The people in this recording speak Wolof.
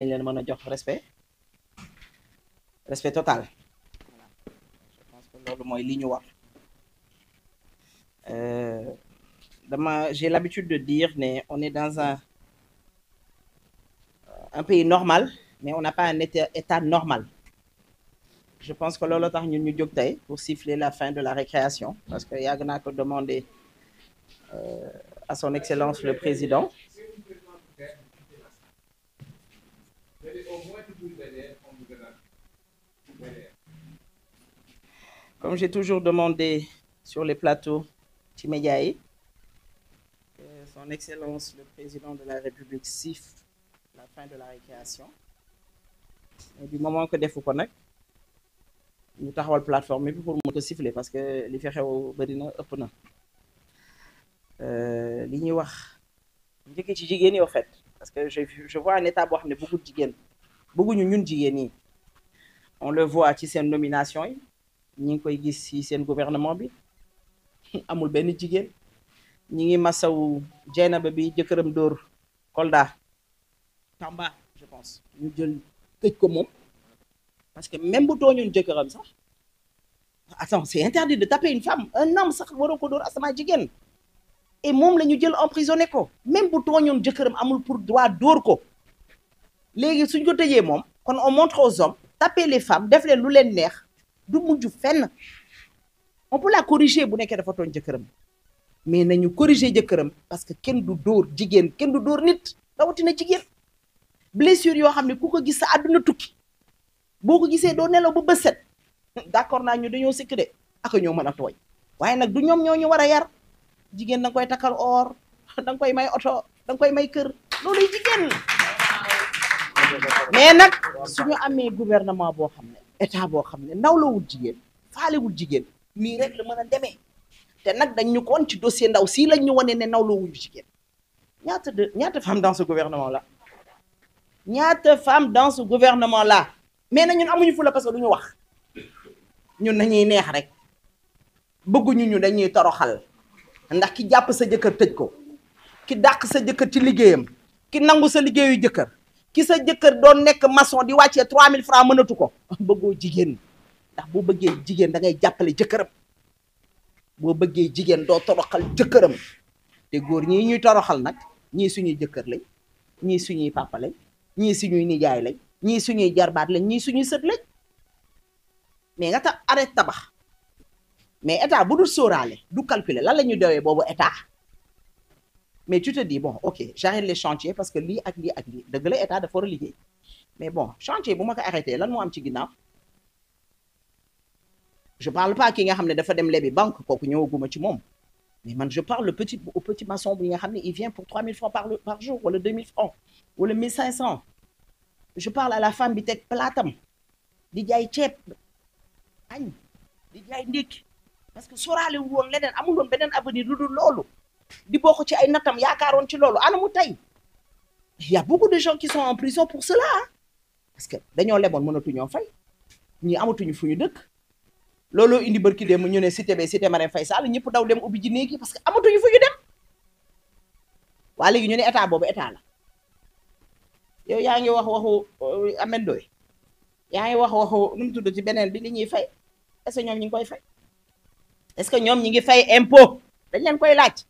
dañ leen mën a jox respect respect total voilà je pense que loolu mooy li ñu war euh, dama j'ai l'habitude de dire ne on est dans un un pays normal mais on n'a pas un état, normal je pense que loolu tax ñun ñu jóg tey pour siffler la fin de la récréation parce que yàgg naa ko demander euh, à son excellence le président comme j'ai toujours demandé sur les plateaux ci média yi son excellence le président de la république siffle la fin de la récréation et du moment que defu ko nag ñu taxawal plateforme bi pour mu ko siffler parce que li fi xew bëri na ëpp na euh, li ñuy wax njëkk ci jigéen yi en fait parce que je je vois un état boo xam ne beaucoup de jigéen bëgguñu ñun jigéen ñi on le voit ci seen nomination yi ñu ngi koy gis ci seen gouvernement bi amul benn jigéen ñi ngi masawu ba bi jëkkëram dóor Kolda Tamba je pense ñu jël tëj ko moom parce que même bu tooñoon jëkkëram sax attends c'est interdit de taper une femme un homme sax waroo ko dóor asama jigéen et moom la ñu jël emprisonné ko même bu tooñoon jëkkëram amul pour droit dóor ko léegi suñ ko tëjee moom kon on montre aux hommes taper les femmes def leen lu leen neex du mujj fenn on peut la corriger bu nekkee dafa tooñ jëkkëram mais nañu corriger jëkkëram parce que kenn du dóor jigéen kenn du dóor nit rawatina jigéen blessure yoo xam ne ku ko gis sa àdduna tukki boo ko gisee doo nelaw ba bët set d'accord naa ñu dañoo sikk de ak ñoo mën a tooñ waaye nag du ñoom ñoo ñu war a yar jigéen da koy takkal or da koy may oto da koy may kër mais nag suñu amee gouvernement boo xam ne état boo xam ne nawlawul jigéen faalewul jigéen nii rek la mën demee te nag dañ ñu koon ci dossier ndaw sii lañ ñu wane ne nawlawuñu jigéen ñaata de ñaata femme dans ce gouvernement là ñaata femme dans ce gouvernement là mais na ñun amuñu fu la parce que ñu wax ñun nañuy neex rek bëgguñu ñu dañuy toroxal ndax ki jàpp sa jëkkër tëj ko ki dàq sa jëkkër ci liggéeyam ki nangu sa liggéeyu jëkkër ki sa jëkkër doon nekk maçon di wàccee 3000 francs mënatu ko bëggoo jigéen ndax boo bëggee jigéen da ngay jàppale jëkkëram boo bëggee jigéen doo toroxal jëkkëram te góor ñii ñuy toroxal nag ñii suñuy jëkkër lañ ñii suñuy papa lañ ñii suñuy nijaay lañ ñii suñuy jarbaat lañ ñii suñuy sët lañ mais nga tax arrêté tabax mais état bu dul sóoraale du calculer lan la ñuy doyee boobu état mais tu te dis bon ok j'arrête les chantiers parce que lii ak lii ak lii dëgg la état dafa war a liggéey mais bon chantier bu ma ko arrêté lan moo am ci ginnaaw je parle pas ki nga xam ne dafa dem lebi banque kooku ñëwaguma ci moom mais man je parle petit au petit maçon bu nga xam ne i vient pour 3000 francs par par jour wala 2000 francs wala je parle à la femme bi teg plaatam di jaay ceeb añ di jaay ndékki parce que sóoraale woon leneen amul woon beneen avenir lu dul loolu. di bokk ci ay nattam yaakaaroon ci loolu ana mu tey il y a beaucoup de gens qui sont en prison pour cela parce que dañoo leboon mënatuñoo fay ñi amatuñu fu ñu dëkk looloo indi bërki dem ñu ne cité be cité Marème Faye Sall ñëpp daw dem ubbi ji néegi parce que amatuñu fu ñu dem waa léegi ñu ne état boobu état la yow yaa ngi wax waxu euh, amendoy yaa ngi wax waxu nu mu tudd ci beneen bi li ñuy fay est-ce que ñoom ñi ngi koy fay est-ce que ñoom ñi ngi fay impôt dañ leen koy laaj